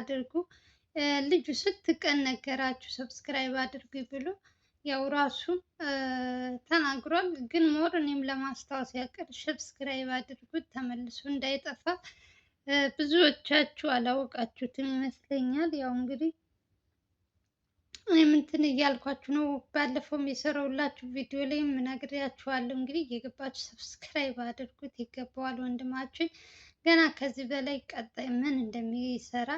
አድርጉ። ልጁ ስንት ቀን ነገራችሁ ሰብስክራይብ አድርጉ ብሎ ያው ራሱ ተናግሯል። ግን ሞር እኔም ለማስታወስ ያቅል ሰብስክራይብ አድርጉት ተመልሶ እንዳይጠፋ። ብዙዎቻችሁ አላወቃችሁትም ይመስለኛል። ያው እንግዲህ እኔም እንትን እያልኳችሁ ነው። ባለፈውም የሰራሁላችሁ ቪዲዮ ላይ ምነግራችኋለሁ። እንግዲህ እየገባችሁ ሰብስክራይብ አድርጉት፣ ይገባዋል ወንድማችን። ገና ከዚህ በላይ ቀጣይ ምን እንደሚሰራ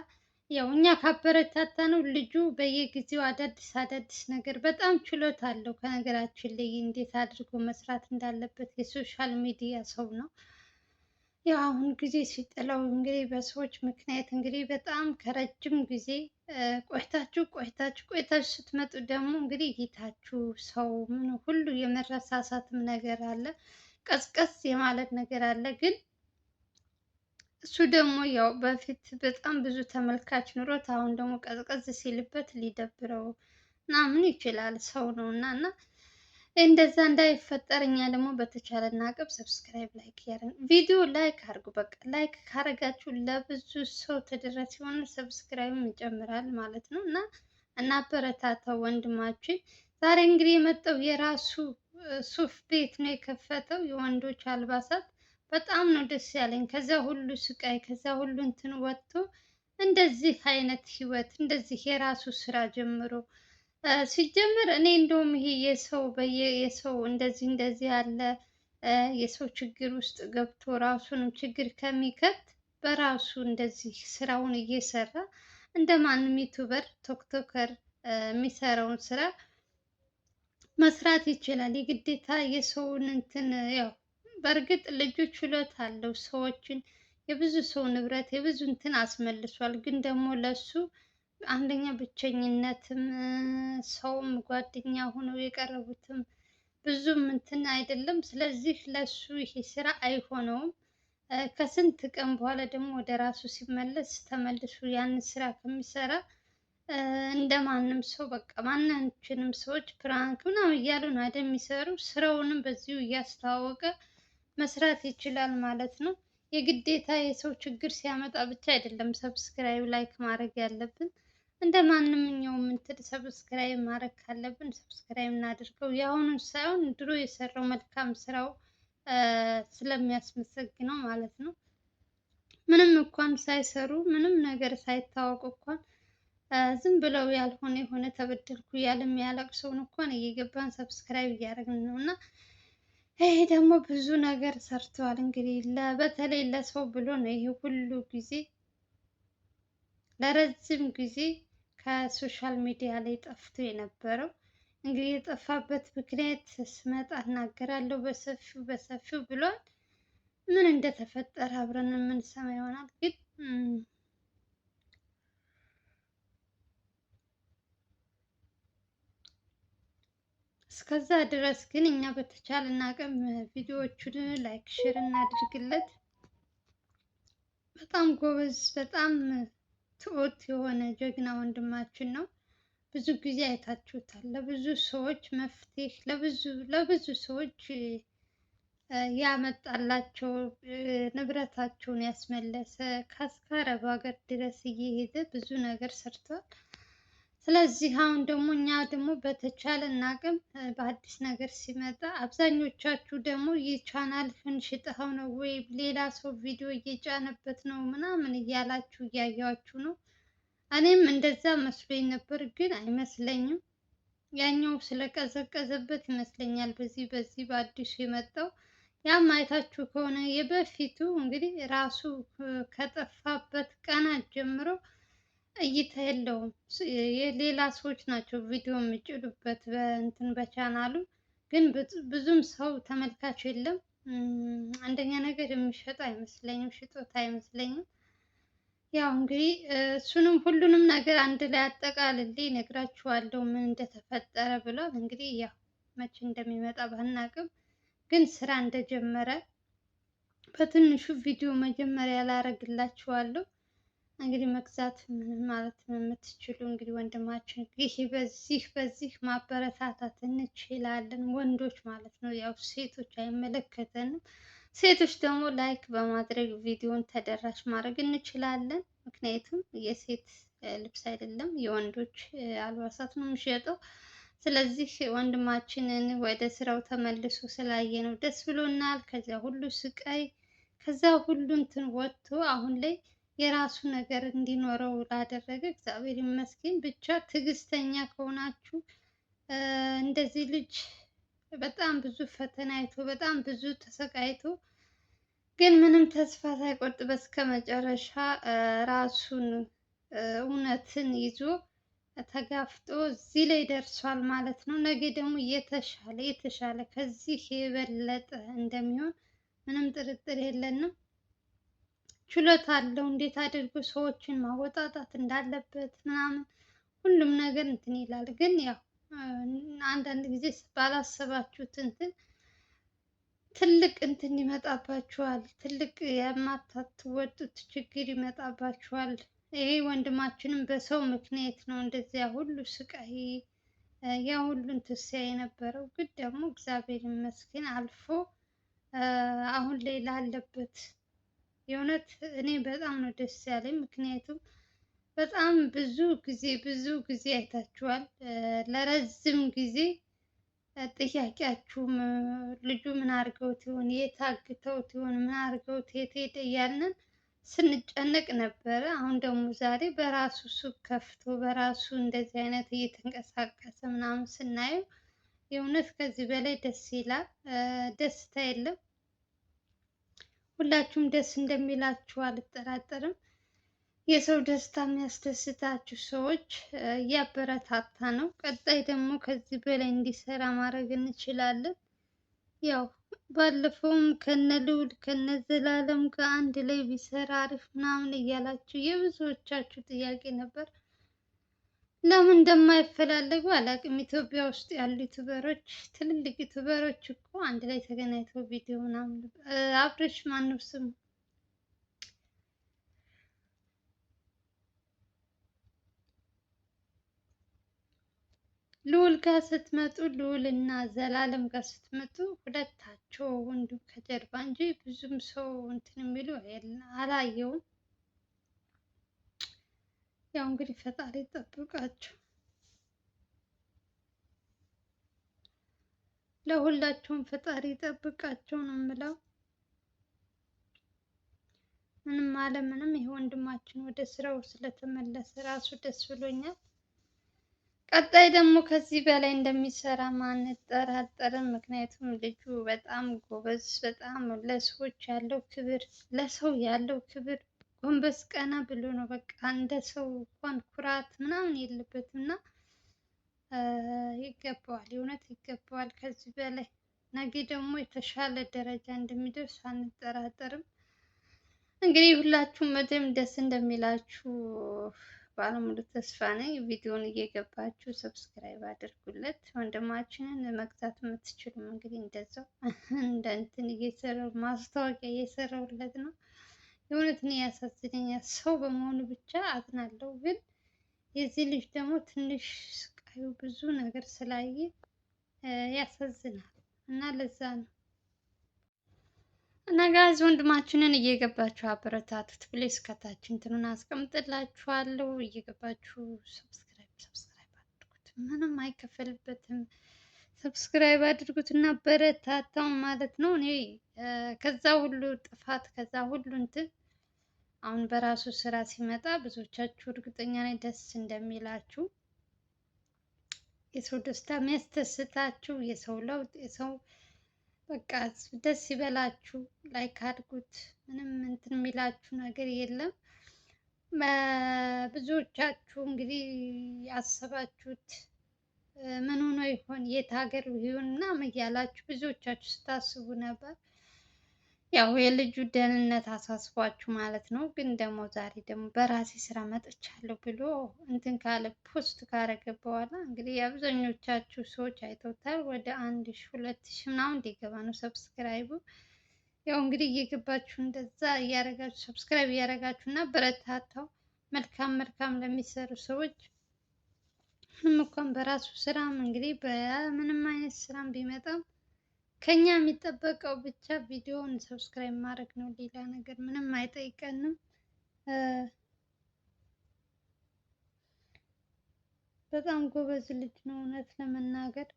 ያው እኛ ካበረታታ ነው ልጁ በየጊዜው አዳዲስ አዳዲስ ነገር በጣም ችሎታ አለው። ከነገራችን ላይ እንዴት አድርጎ መስራት እንዳለበት የሶሻል ሚዲያ ሰው ነው። ያው አሁን ጊዜ ሲጥለው እንግዲህ በሰዎች ምክንያት እንግዲህ በጣም ከረጅም ጊዜ ቆይታችሁ ቆይታችሁ ቆይታችሁ ስትመጡ ደግሞ እንግዲህ እይታችሁ ሰው ሁሉ የመረሳሳትም ነገር አለ፣ ቀዝቀዝ የማለት ነገር አለ ግን እሱ ደግሞ ያው በፊት በጣም ብዙ ተመልካች ኑሮት አሁን ደግሞ ቀዝቀዝ ሲልበት ሊደብረው ምናምን ይችላል ሰው ነው እና እና እንደዛ እንዳይፈጠር እኛ ደግሞ በተቻለን አቅም ሰብስክራይብ ላይክ ያደርግ ቪዲዮ ላይክ አድርጉ። በቃ ላይክ ካረጋችሁ ለብዙ ሰው ተደራሽ ሲሆን ሰብስክራይብም ይጨምራል ማለት ነው እና እናበረታታው ወንድማችን። ዛሬ እንግዲህ የመጣው የራሱ ሱፍ ቤት ነው የከፈተው የወንዶች አልባሳት በጣም ነው ደስ ያለኝ። ከዛ ሁሉ ስቃይ ከዛ ሁሉ እንትን ወጥቶ እንደዚህ አይነት ህይወት እንደዚህ የራሱ ስራ ጀምሮ ሲጀምር እኔ እንደውም ይሄ የሰው የሰው እንደዚህ እንደዚህ ያለ የሰው ችግር ውስጥ ገብቶ ራሱንም ችግር ከሚከት በራሱ እንደዚህ ስራውን እየሰራ እንደ ማንም ዩቱበር ቶክቶከር የሚሰራውን ስራ መስራት ይችላል። የግዴታ የሰውን እንትን ያው በእርግጥ ልጁ ችሎታ አለው። ሰዎችን የብዙ ሰው ንብረት የብዙ እንትን አስመልሷል። ግን ደግሞ ለሱ አንደኛ ብቸኝነትም ሰውም ጓደኛ ሆነው የቀረቡትም ብዙም እንትን አይደለም። ስለዚህ ለሱ ይሄ ስራ አይሆነውም። ከስንት ቀን በኋላ ደግሞ ወደ ራሱ ሲመለስ ተመልሶ ያን ስራ ከሚሰራ እንደ ማንም ሰው በቃ ማናችንም ሰዎች ፕራንክ ምናምን እያሉ ነው አይደል የሚሰሩ። ስራውንም በዚሁ እያስተዋወቀ መስራት ይችላል ማለት ነው። የግዴታ የሰው ችግር ሲያመጣ ብቻ አይደለም ሰብስክራይብ ላይክ ማድረግ ያለብን። እንደ ማንኛውም እንትን ሰብስክራይብ ማድረግ ካለብን ሰብስክራይብ እናድርገው። የአሁኑን ሳይሆን ድሮ የሰራው መልካም ስራው ስለሚያስመሰግነው ማለት ነው። ምንም እንኳን ሳይሰሩ ምንም ነገር ሳይታወቁ እንኳን ዝም ብለው ያልሆነ የሆነ ተበደልኩ ያለ የሚያለቅሰውን እንኳን እየገባን ሰብስክራይብ እያደረግን ነው እና ይሄ ደግሞ ብዙ ነገር ሰርተዋል። እንግዲህ በተለይ ለሰው ብሎ ነው ይሄ ሁሉ ጊዜ ለረጅም ጊዜ ከሶሻል ሚዲያ ላይ ጠፍቶ የነበረው። እንግዲህ የጠፋበት ምክንያት ስመጣ እናገራለሁ በሰፊው በሰፊው ብሏል። ምን እንደተፈጠረ አብረን የምንሰማ ይሆናል ግን እስከዛ ድረስ ግን እኛ በተቻለን አቅም ቪዲዮዎቹን ላይክ ሼር እናድርግለት። በጣም ጎበዝ፣ በጣም ትሁት የሆነ ጀግና ወንድማችን ነው። ብዙ ጊዜ አይታችሁታል። ለብዙ ሰዎች መፍትሄ ለብዙ ለብዙ ሰዎች ያመጣላቸው ንብረታቸውን ያስመለሰ ከአስካረብ ሀገር ድረስ እየሄደ ብዙ ነገር ሰርቷል። ስለዚህ አሁን ደግሞ እኛ ደግሞ በተቻለን አቅም በአዲስ ነገር ሲመጣ አብዛኞቻችሁ ደግሞ ይህ ቻናልን ነው ወይ ሌላ ሰው ቪዲዮ እየጫነበት ነው ምናምን እያላችሁ እያያችሁ ነው። እኔም እንደዛ መስሎኝ ነበር፣ ግን አይመስለኝም። ያኛው ስለቀዘቀዘበት ይመስለኛል በዚህ በዚህ በአዲሱ የመጣው ያም አይታችሁ ከሆነ የበፊቱ እንግዲህ ራሱ ከጠፋበት ቀናት ጀምሮ እይታ የለውም። የሌላ ሰዎች ናቸው ቪዲዮ የሚጭዱበት በእንትን በቻናሉ ግን ብዙም ሰው ተመልካች የለም። አንደኛ ነገር የሚሸጥ አይመስለኝም፣ ሽጦታ አይመስለኝም። ያው እንግዲህ እሱንም ሁሉንም ነገር አንድ ላይ አጠቃልሌ እነግራችኋለሁ ምን እንደተፈጠረ ብሏል። እንግዲህ ያው መቼ እንደሚመጣ ባናቅም ግን ስራ እንደጀመረ በትንሹ ቪዲዮ መጀመሪያ ላረግላችኋለሁ። እንግዲህ መግዛት ምን ማለት የምትችሉ እንግዲህ ወንድማችን ይህ በዚህ በዚህ ማበረታታት እንችላለን፣ ወንዶች ማለት ነው። ያው ሴቶች አይመለከተንም። ሴቶች ደግሞ ላይክ በማድረግ ቪዲዮን ተደራሽ ማድረግ እንችላለን። ምክንያቱም የሴት ልብስ አይደለም የወንዶች አልባሳት ነው የሚሸጠው። ስለዚህ ወንድማችንን ወደ ስራው ተመልሶ ስላየ ነው ደስ ብሎናል። ከዚያ ሁሉ ስቃይ ከዚያ ሁሉ እንትን ወጥቶ አሁን ላይ የራሱ ነገር እንዲኖረው ላደረገ እግዚአብሔር ይመስገን። ብቻ ትዕግስተኛ ከሆናችሁ እንደዚህ ልጅ በጣም ብዙ ፈተና አይቶ በጣም ብዙ ተሰቃይቶ ግን ምንም ተስፋ ሳይቆርጥ እስከ መጨረሻ ራሱን እውነትን ይዞ ተጋፍጦ እዚህ ላይ ደርሷል ማለት ነው። ነገ ደግሞ የተሻለ የተሻለ ከዚህ የበለጠ እንደሚሆን ምንም ጥርጥር የለንም። ችሎታ አለው። እንዴት አድርጎ ሰዎችን ማወጣጣት እንዳለበት ምናምን ሁሉም ነገር እንትን ይላል። ግን ያው አንዳንድ ጊዜ ባላሰባችሁት እንትን ትልቅ እንትን ይመጣባችኋል። ትልቅ የማታትወጡት ችግር ይመጣባችኋል። ይሄ ወንድማችንም በሰው ምክንያት ነው እንደዚያ ሁሉ ስቃይ ያ ሁሉን ትስያ የነበረው። ግን ደግሞ እግዚአብሔር ይመስገን አልፎ አሁን ላይ ላለበት የእውነት እኔ በጣም ነው ደስ ያለኝ። ምክንያቱም በጣም ብዙ ጊዜ ብዙ ጊዜ አይታችኋል። ለረዝም ጊዜ ጥያቄያችሁ ልጁ ምን አድርገውት ይሆን አግተውት ይሆን ምን አድርገውት የት ሄደ እያልን ስንጨነቅ ነበረ። አሁን ደግሞ ዛሬ በራሱ ሱቅ ከፍቶ በራሱ እንደዚህ አይነት እየተንቀሳቀሰ ምናምን ስናየው የእውነት ከዚህ በላይ ደስ ይላል። ደስታ የለም። ሁላችሁም ደስ እንደሚላችሁ አልጠራጠርም። የሰው ደስታ የሚያስደስታችሁ ሰዎች እያበረታታ ነው። ቀጣይ ደግሞ ከዚህ በላይ እንዲሰራ ማድረግ እንችላለን። ያው ባለፈውም ከነ ልዑል ከነ ዘላለም ጋር አንድ ላይ ቢሰራ አሪፍ ምናምን እያላችሁ የብዙዎቻችሁ ጥያቄ ነበር። ለምን እንደማይፈላለጉ አላውቅም። ኢትዮጵያ ውስጥ ያሉ ዩቱበሮች ትልልቅ ዩቱበሮች እኮ አንድ ላይ ተገናኝተው ቪዲዮ ምናምን አብረሽ ማነው ስሙ ልዑል ጋር ስትመጡ ልዑል እና ዘላለም ጋር ስትመጡ ሁለታቸው ወንዱ ከጀርባ እንጂ ብዙም ሰው እንትን የሚሉ አላየውም። ያው እንግዲህ ፈጣሪ ይጠብቃችሁ። ለሁላችሁም ፈጣሪ ይጠብቃችሁ ነው የምለው። ምንም አለ ምንም ወንድማችን ወደ ስራው ስለተመለሰ ራሱ ደስ ብሎኛል። ቀጣይ ደግሞ ከዚህ በላይ እንደሚሰራ ማንጠራጠርም። ምክንያቱም ልጁ በጣም ጎበዝ፣ በጣም ለሰዎች ያለው ክብር፣ ለሰው ያለው ክብር ጎንበስ ቀና ብሎ ነው በቃ እንደ ሰው እንኳን ኩራት ምናምን የለበትም እና ይገባዋል፣ የእውነት ይገባዋል። ከዚህ በላይ ነገ ደግሞ የተሻለ ደረጃ እንደሚደርስ አንጠራጠርም። እንግዲህ ሁላችሁም መቼም ደስ እንደሚላችሁ ባለሙሉ ተስፋ ነኝ። ቪዲዮውን እየገባችሁ ሰብስክራይብ አድርጉለት። ወንድማችንን መግዛት የምትችሉም እንግዲህ እንደዛው እንደ እንትን እየሰራው ማስታወቂያ እየሰራውለት ነው። የእውነት እኔ ያሳዝነኛል። ሰው በመሆኑ ብቻ አዝናለሁ፣ ግን የዚህ ልጅ ደግሞ ትንሽ ስቃዩ ብዙ ነገር ስላየ ያሳዝናል እና ለዛ ነው እና ጋዝ ወንድማችንን እየገባችሁ አበረታቱት። ፕሌስ ከታች እንትኑን አስቀምጥላችኋለሁ እየገባችሁ ሰብስክራይብ ሰብስክራይብ አድርጉት። ምንም አይከፈልበትም። ሰብስክራይብ አድርጉት እና በረታታው ማለት ነው። እኔ ከዛ ሁሉ ጥፋት ከዛ ሁሉ እንትን አሁን በራሱ ስራ ሲመጣ ብዙዎቻችሁ እርግጠኛ ነኝ ደስ እንደሚላችሁ። የሰው ደስታ የሚያስደስታችሁ፣ የሰው ለውጥ፣ የሰው በቃ ደስ ይበላችሁ። ላይክ አድርጉት። ምንም እንትን የሚላችሁ ነገር የለም። ብዙዎቻችሁ እንግዲህ ያሰባችሁት ምን ሆኖ ይሆን የት ሀገር ይሆን ምናምን እያላችሁ ብዙዎቻችሁ ስታስቡ ነበር። ያው የልጁ ደህንነት አሳስቧችሁ ማለት ነው። ግን ደግሞ ዛሬ ደግሞ በራሴ ስራ መጥቻለሁ ብሎ እንትን ካለ ፖስት ካረገ በኋላ እንግዲህ የአብዛኞቻችሁ ሰዎች አይተውታል። ወደ አንድ ሺ ሁለት ሺ ምናምን እንዲገባ ነው ሰብስክራይቡ። ያው እንግዲህ እየገባችሁ እንደዛ እያረጋችሁ ሰብስክራይብ እያረጋችሁ እና በረታታው። መልካም መልካም ለሚሰሩ ሰዎች ምንም እንኳን በራሱ ስራም እንግዲህ በምንም አይነት ስራም ቢመጣም ከኛ የሚጠበቀው ብቻ ቪዲዮውን ሰብስክራይብ ማድረግ ነው። ሌላ ነገር ምንም አይጠይቀንም። በጣም ጎበዝ ልጅ ነው እውነት ለመናገር።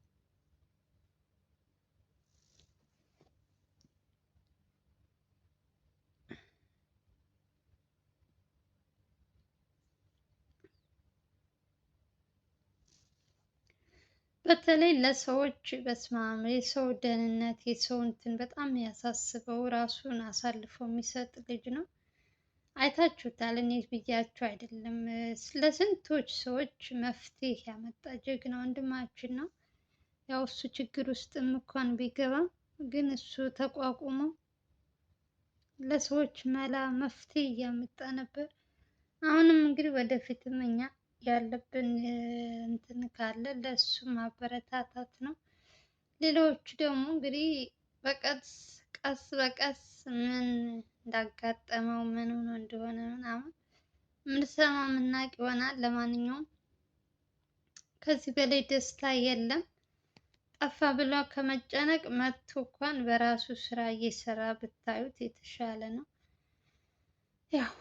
በተለይ ለሰዎች በስማም የሰው ደህንነት የሰው እንትን በጣም ያሳስበው ራሱን አሳልፎ የሚሰጥ ልጅ ነው። አይታችሁታል። እኔ ብያችሁ አይደለም፣ ለስንቶች ሰዎች መፍትሄ ያመጣ ጀግና ወንድማችን ነው። ያው እሱ ችግር ውስጥም እንኳን ቢገባም ግን እሱ ተቋቁሞ ለሰዎች መላ መፍትሄ እያመጣ ነበር። አሁንም እንግዲህ ወደፊትም እኛ ያለብን እንትን ካለ ለሱ ማበረታታት ነው። ሌሎቹ ደግሞ እንግዲህ በቀስ ቀስ በቀስ ምን እንዳጋጠመው ምን ሆኖ እንደሆነ ምናምን ምንሰማ ምናቅ ይሆናል። ለማንኛውም ከዚህ በላይ ደስታ የለም። ጠፋ ብሎ ከመጨነቅ መጥቶ እንኳን በራሱ ስራ እየሰራ ብታዩት የተሻለ ነው ያው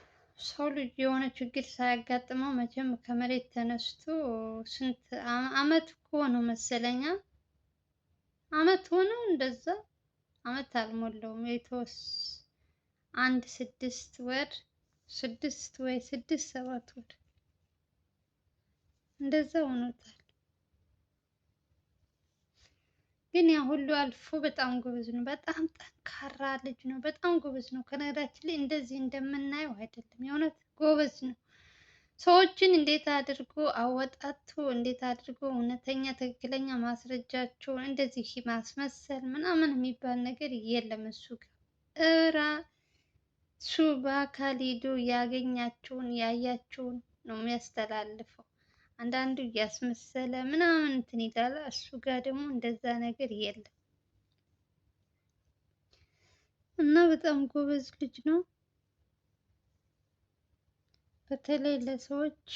ሰው ልጅ የሆነ ችግር ሳያጋጥመው መቼም ከመሬት ተነስቶ ስንት አመት እኮ ነው መሰለኛ፣ አመት ሆነው እንደዛ አመት አልሞላውም። የተወስ አንድ ስድስት ወር ስድስት ወይ ስድስት ሰባት ወር እንደዛ ሆኖታል። ግን ያ ሁሉ አልፎ በጣም ጎበዝ ነው። በጣም ጠንካራ ልጅ ነው። በጣም ጎበዝ ነው። ከነገራችን ላይ እንደዚህ እንደምናየው አይደለም። የእውነት ጎበዝ ነው። ሰዎችን እንዴት አድርጎ አወጣቱ፣ እንዴት አድርጎ እውነተኛ ትክክለኛ ማስረጃቸውን እንደዚህ ማስመሰል ምናምን የሚባል ነገር የለም። እሱ ጋር እራሱ በአካል ሄዶ ያገኛቸውን ያያቸውን ነው የሚያስተላልፈው። አንዳንዱ እያስመሰለ ምናምን እንትን ይላል። እሱ ጋር ደግሞ እንደዛ ነገር የለም እና በጣም ጎበዝ ልጅ ነው። በተለይ ለሰዎች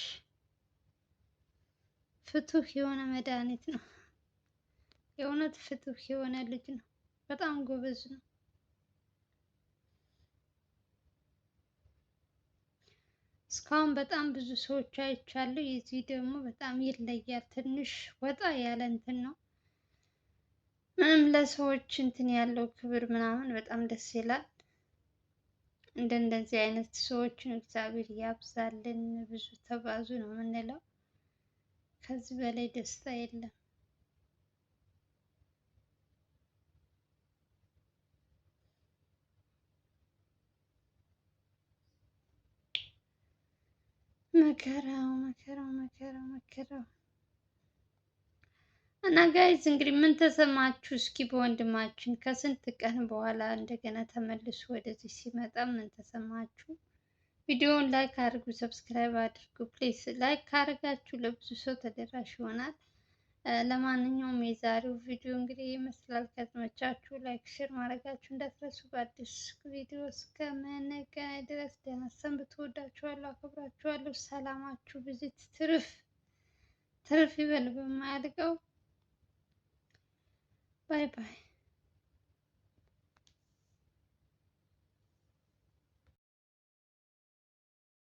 ፍቱህ የሆነ መድኃኒት ነው። የእውነት ፍቱህ የሆነ ልጅ ነው። በጣም ጎበዝ ነው። እስካሁን በጣም ብዙ ሰዎች አይቻለሁ። የዚህ ደግሞ በጣም ይለያል። ትንሽ ወጣ ያለ እንትን ነው። ምንም ለሰዎች እንትን ያለው ክብር ምናምን በጣም ደስ ይላል። እንደ እንደዚህ አይነት ሰዎችን እግዚአብሔር ያብዛልን። ብዙ ተባዙ ነው የምንለው። ከዚህ በላይ ደስታ የለም። መከራው መከራው መከራው መከራው እና ጋይዝ እንግዲህ ምን ተሰማችሁ? እስኪ በወንድማችን ከስንት ቀን በኋላ እንደገና ተመልሶ ወደዚህ ሲመጣ ምን ተሰማችሁ? ቪዲዮውን ላይክ አድርጉ፣ ሰብስክራይብ አድርጉ ፕሊስ። ላይክ ካደርጋችሁ ለብዙ ሰው ተደራሽ ይሆናል። ለማንኛውም የዛሬው ቪዲዮ እንግዲህ ይመስላል። ከተመቻችሁ ላይክ፣ ሼር ማድረጋችሁ እንዳትረሱ። በአዲስ ቪዲዮ እስከምንገናኝ ድረስ ደህና ሰንብቱ። እወዳችኋለሁ፣ አከብራችኋለሁ። ሰላማችሁ ብዜት ትርፍ ትርፍ ይበል በማያልቀው። ባይ ባይ።